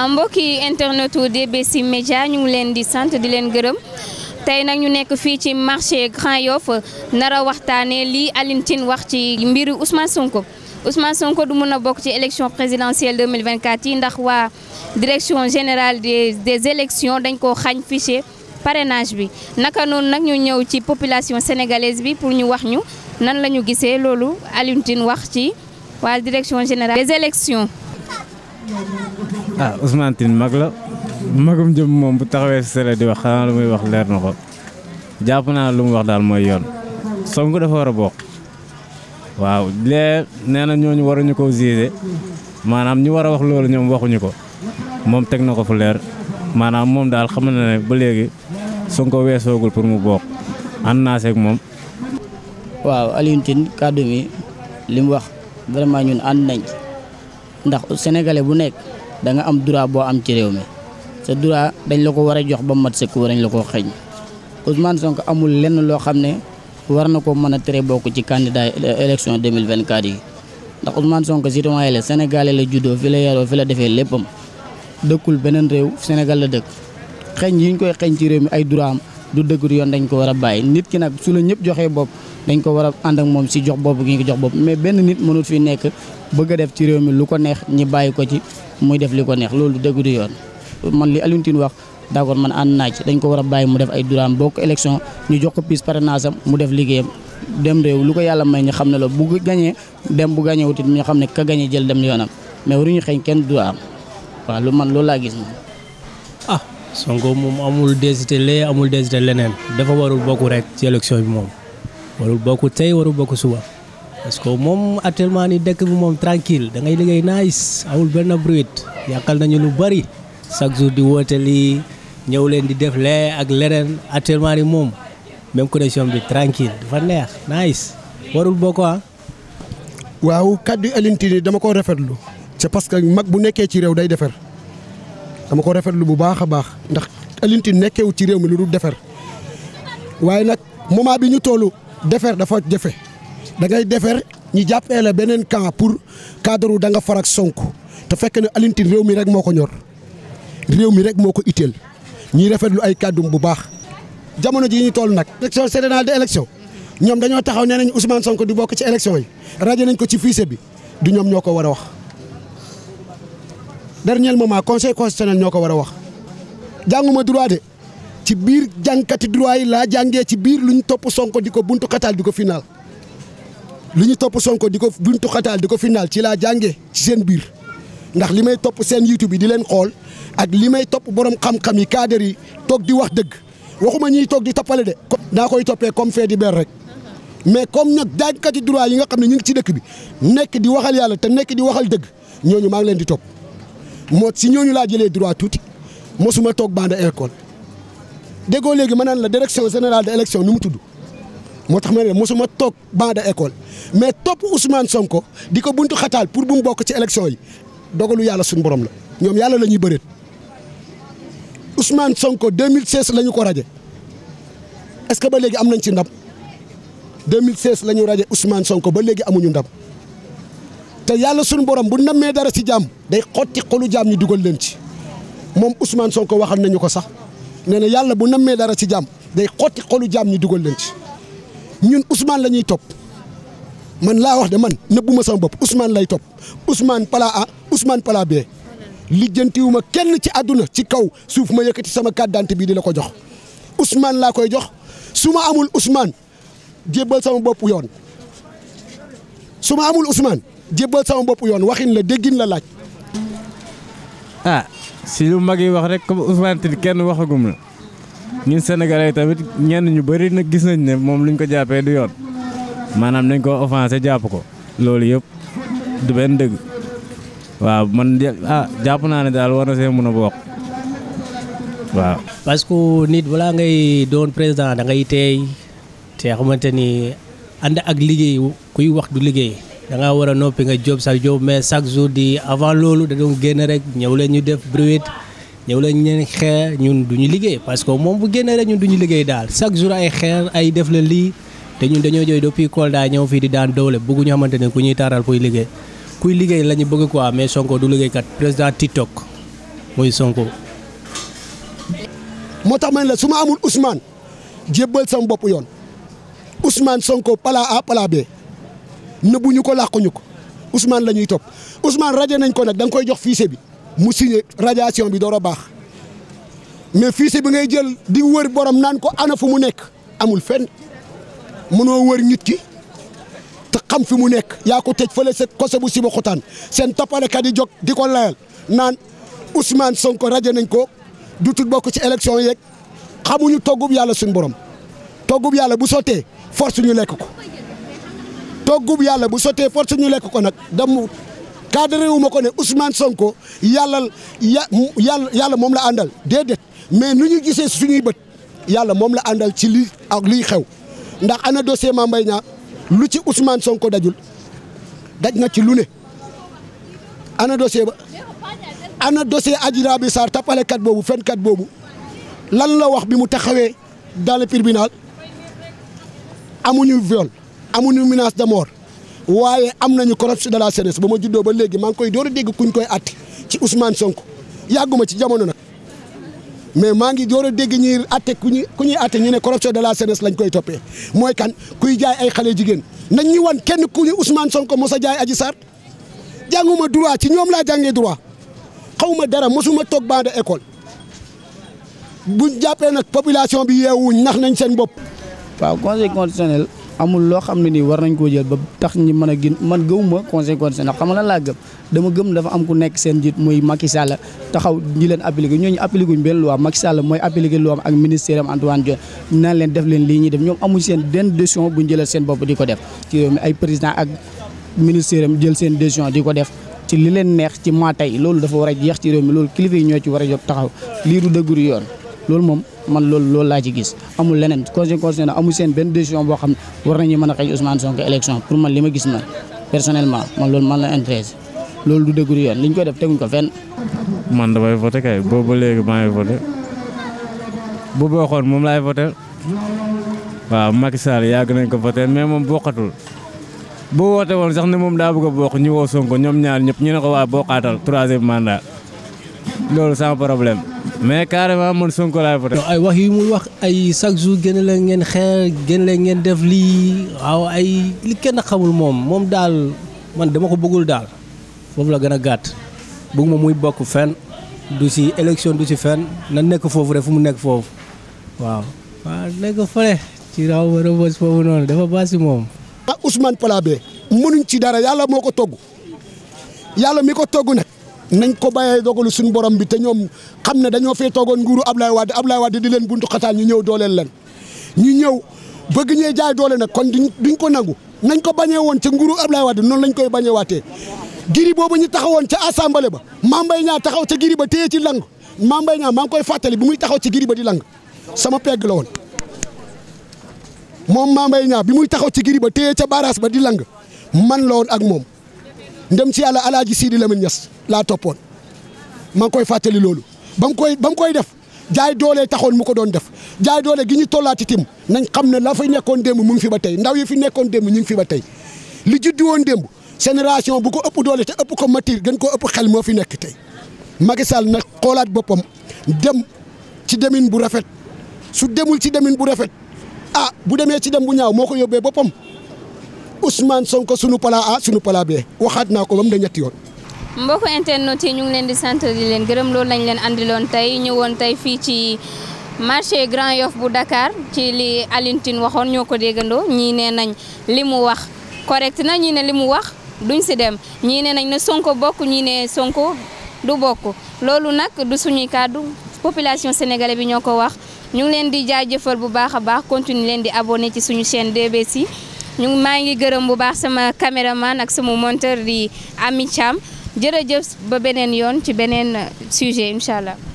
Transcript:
Ah, mbokki internetu DBC Media, ñu ngi leen di sant di leen gërëm tey nag ñu nekk fii ci marché Grand Yoff nar a waxtaanee lii Alioune wax ci Ousmane Sonko Ousmane Sonko du mën a ci élection présidentielle 2024 yi ndax waa direction générale des des élections dañ koo xañ fichier parrainage bi naka noonu nag ñu ñëw ci population sénégalaise bi pour ñu wax ñu nan la ñu gisee loolu Alioune wax ci direction générale des élections ah Ousmane Tine mag la mu magum jëm moom bu taxawee si di wax xanaa lu muy wax leer na ko jàpp naa lu mu wax daal mooy yoon song def war a bokk waaw lee nee na ñooñu waruñu ko jugé maanaam ñu war a wax loolu ñoom waxuñu ko moom teg na ko fu leer maanaam moom daal xamal na ne ba léegi ko Sonko weesoogul pour mu bokk an naa seeg moom. waaw Alioune Tine kàddu mi li mu wax vraiment ñun ànd nañ ndax sénégalais bu nekk danga am droit boo am ci réew mi sa droit dañ la ko war a jox ba mat sëkk war nañ la koo xëñ Ousmane Sonko amul lenn loo xam ne war na ko mën a tere bokk ci candidat élection 2024 yi ndax Ousmane Sonko citoyen la sénégalais la juddoo fi la yaroo fi la defee léppam dëkkul beneen réew Sénégal la dëkk xëñ yi ñu koy xëñ ci réew mi ay droit du dëgg du yoon dañ ko war a bàyyi nit ki nag su la ñëpp joxee bopp dañ ko war a ànd ak moom si jox bopp gi ñu ko jox bopp mais benn nit mënut fi nekk bëgg a def ci réew mi lu ko neex ñi bàyyi ko ci muy def li ko neex loolu du dëgg du yoon man li Alioune Tine wax d'accord man ànd naa ci dañ ko war a bàyyi mu def ay duraam bokk élection ñu jox ko piis naa am mu def liggéeyam dem réew lu ko yàlla may ñu xam ne la bu gañee dem bu gañee wutit ñu xam ne ka gañee jël dem yoonam mais waruñu xeeñ kenn duraam waaw lu man loolu laa gis moom songo mom amul désité lé amul désité lénen dafa warul bokku rek ci élection bi moom warul bokku tay warul bokku suba parce que moom actuellement ni dëkk bi mom tranquille da ngay ligay nice amul benn bruit Yakal nañu lu bari chaque jour di woote li ñew leen di def lé ak lénen actuellement ni mom même connexion bi tranquille dafa neex nice warul bokku ah. waaw kaddu Alioune dama ko rafetlu c'est parce que mag bu nekkee ci réew day dama ko rafetlu bu baakha a baax ndax alinti nekkew ci réew mi lu dul defar waaye moment bi ñu tolu defar dafa jefe da ngay defar ñi jàppee la benen camp pour cadreu da nga farak sonku te fekk ne alinti Tine mi rek moko ñor réew mi rek moko itel ñi rafetlu ay bu baax. jamono ji ñi tolu nak election sénégal de election ñom dañu taxaw nenañ Ousmane Sonko du bok ci election yi radio nañ ko ci fiché bi du ñom ñoko wara wax dernier moment conseil constitutionnel ñoko wara wax janguma droit de ci bir jankati droit yi la jangé ci bir luñ top sonko diko buntu xatal diko final luñu top sonko diko buntu xatal diko final ci la jangé ci sen bir ndax limay top sen youtube di len xol ak limay top borom xam xam yi cadre yi tok di wax deug waxuma ñi tok di topalé de da koy topé comme fait di ber rek mais comme nak dankati droit yi nga xamné ñu ngi ci dëkk bi nek di waxal yalla té nek di waxal deug ñoñu ma ngi len di top moo si ñooñu laa jëlee droit tuuti mosuma toog bande école déggoo léegi ma naan la direction générale de élection nu mu tudd moo tax ma ne mosuma toog bande école mais topp Ousmane Sonko di ko buntu xataal pour bu mu bokk ci élection yi dogalu yàlla suñu borom la ñoom yàlla la ñuy bëreet Ousmane Sonko 2016 la ñu ko raje est-ce que ba léegi am nañ ci ndam 2016 la ñu raje Ousmane Sonko ba léegi amuñu ndam. te yàlla sunu borom bu nammee dara ci jàmm day xotti xolu jàmm ñu dugal leen ci moom Ousmane ko waxal nañu ko sax nee na yàlla bu nammee dara ci jàmm day xotti xolu jàmm ñu dugal leen ci ñun Ousmane la ñuy topp man laa wax de man nëbbuma sama bopp Ousmane lay topp Ousmane pala A usmaan palaa B lijjantiwu ma kenn ci àdduna ci kaw suuf ma yëkkati sama carte d'identité bii di la ko jox Ousmane laa koy jox su ma amul Ousmane jébbal sama bopp yoon su ma amul Ousmane. jébbal sama bopp yoon waxin la déggin la laaj. ah si lu mag yi wax rek comme Ousmane bi kenn waxagum la ñun sénégalais tamit ñenn ñu bari na gis nañ ne moom luñ ko jàppee du yoon maanaam nañ ko offensé jàpp ko loolu yëpp du benn dëgg waaw man ah jàpp naa ne daal war na see mën a bokk waaw. parce que nit balaa ngay doon président da ngay teey te xamante ni ànd ak liggéey kuy wax du liggéey. da war a noppi nga job sa job mais chaque jour di avant loolu da doon génn rek ñëw leen ñu def bruit ñëw leen ñu xeer ñun du ñu liggéey parce que moom bu génn rek ñun du ñu liggéey daal chaque jour ay xeer ay def la lii te dañoo jooy depuis Kolda ñëw fii di daan doole bëgg ñu xamante ne ku ñuy taaral kuy liggéey kuy liggéey la ñu bëgg quoi mais Sonko du liggéeykat président TikTok mooy Sonko. moo tax ma ne la su ma amul Ousmane jébbal sama bopp yoon Ousmane Sonko pala A nëbbuñu ko làquñu ko Ousmane la ñuy topp Ousmane rajo nañ ko nag da nga koy jox fichier bi mu signé radiation bi door a baax mais fichier bi ngay jël di wër borom naan ko ana fu mu nekk amul fen mënoo wër nit ki te xam fi mu nekk. yaa ko tëj fële sa kose bu siba xutaan seen toppalekat yi jog di ko layal naan Ousmane Sonko rajo nañ ko du tut bokk ci élection yeeg xamuñu toggub yàlla suñu borom toggub yàlla bu sottee force ñu lekk ko. toggub yàlla bu sottee force ñu lekk ko nag dam cadré wu ko ne Ousmane Sonko yàlla yàlla yàlla moom la àndal déedéet mais nu ñu gisee suñuy bët yàlla moom la àndal ci lii ak liy xew ndax ana dossier Mame Mbaye Niang lu ci Ousmane Sonko dajul daj na ci lu ne ana dossier ba ana dossier Adji bi Sarr tappalekat boobu fenkat boobu lan la wax bi mu taxawee dans le tribunal amuñu viol amuñu menace de mort waaye am nañu corruption de la jeunesse ba ma juddoo ba léegi maa ngi koy door a dégg ñu koy àtte ci Ousmane sonk yàgguma ci jamono nag mais maa ngi door a dégg ñuy àtte ku ñuy ku ñuy ñu ne corruption de la jeunesse lañ koy toppee mooy kan kuy jaay ay xale jigéen nañ ñu wan kenn ku ñu Ousmane Sonko mos a jaay aj Sarr jànguma droit ci ñoom laa jàngee droit xaw ma dara mosuma toog ban de école buñ jàppee nag population bi yeewuñ nax nañ seen bopp. waaw conseil amul loo xam ne nii war nañ koo jël ba tax ñi mën a gën man gëwuma conséquence ndax xam nga lan laa gëm dama gëm dafa am ku nekk seen njiit muy Macky Sall taxaw di leen appliqué ñooñu appliqué ñu benn loi Macky Sall mooy appliqué ak ministère am Antoine Diome naan leen def leen lii ñuy def ñoom amuñ seen benn décision bu ñu jëlal seen bopp di ko def ci réew mi ay président ak ministère am jël seen décision di ko def ci li leen neex ci maa tey loolu dafa war a jeex ci réew mi loolu kilifa yi ñoo ci war a jot taxaw lii du dëgguru yoon loolu moom man loolu loolu laa ci gis amul leneen conseil constitutionnel amul seen benn décision boo xam ne war nañu mën a xëy Ousmane Sonko élection pour man li ma gis man personnellement man loolu man la intéresse loolu du dëggu yoon li ñu ko def teguñ ko fenn. man damay voté kay boobu ba léegi maa ngi voté bu bokkoon moom laay voté waaw Macky Sall yàgg nañ ko voté mais moom bokkatul boo woote woon sax ne moom daa bëgg a bokk ñu woo Sonko ñoom ñaar ñëpp ñu ne ko waa bokkaatal troisième mandat loolu sans problème. mais carrément man Sonko laay voté. ay wax yu muy wax ay chaque jour gën leen ngeen xeer gën ngeen def lii waaw ay li kenn xamul moom moom daal man dama ko bëggul daal foofu la gën a gàtt bëgguma muy bokk fenn du si élection du si fen na nekk foofu rek fu mu nekk foofu waaw. waaw nekk fële ci raw ma rëbës foofu noonu dafa baasi moom. ah Ousmane Palabé mënuñ ci dara yàlla moo ko togg yàlla mi ko togg nag. nañ ko bàyyee dogalu suñu borom bi te ñoom xam ne dañoo fee toogoon nguuru Ablaye Wade Ablaye Wade di leen buntu xataan ñu ñëw dooleel leen ñu ñëw bëgg ñee jaay doole nag kon duñ ko nangu nañ ko bañee woon ca nguuru Ablaye Wade noonu lañ koy bañee waatee giri boobu ñu taxawoon ca assemblée ba Mame Mbaye Niang taxaw ca giri ba téye ci lang Mame Mbaye Niang ngi koy fàttali bi muy taxaw ci giri ba di lang sama pegg la woon moom Mame Mbaye bi muy taxaw ci giri ba téye ca barrage ba di lang man la woon ak ndem ci yàlla alaaji Sidi Lamine Niass laa toppoon maa ngi koy fàttali loolu ba mu koy ba mu koy def jaay doole taxoon mu ko doon def jaay doole gi ñu tollaati tim nañ xam ne la fay nekkoon démb mu ngi fi ba tey ndaw yi fi nekkoon démb ñu ngi fi ba tey li juddi woon démb génération bu ko ëpp doole te ëpp ko matir gën ko ëpp xel moo fi nekk tey Macky Sall nag xoolaat boppam dem ci demin bu rafet su demul ci demin bu rafet ah bu demee ci dem bu ñaaw moo ko yóbbee boppam Ousmane Sonko sunu pala A sunu pala B waxaat naa ko ba mu de ñetti yoon. mbokk internet yi ñu ngi leen di sant di leen gërëm loolu lañ leen andiloon tey ñëwoon tey fii ci. marché Grand Yoff bu dakaar ci li Alioune waxoon ñoo ko déggandoo ñii nee nañ li mu wax correct na ñii ne li mu wax duñ si dem ñii ne nañ ne Sonko bokk ñii ne Sonko du bokk loolu nag du suñuy kàddu population sénégalaise bi ñoo ko wax ñu ngi leen di jëfal bu baax a baax continue leen di abonné ci suñu chaîne DBC ñu maa ngi gërëm bu baax sama caméraman ak sama monteur di Ami Thiam jërëjëf ba beneen yoon ci beneen sujet incha allah.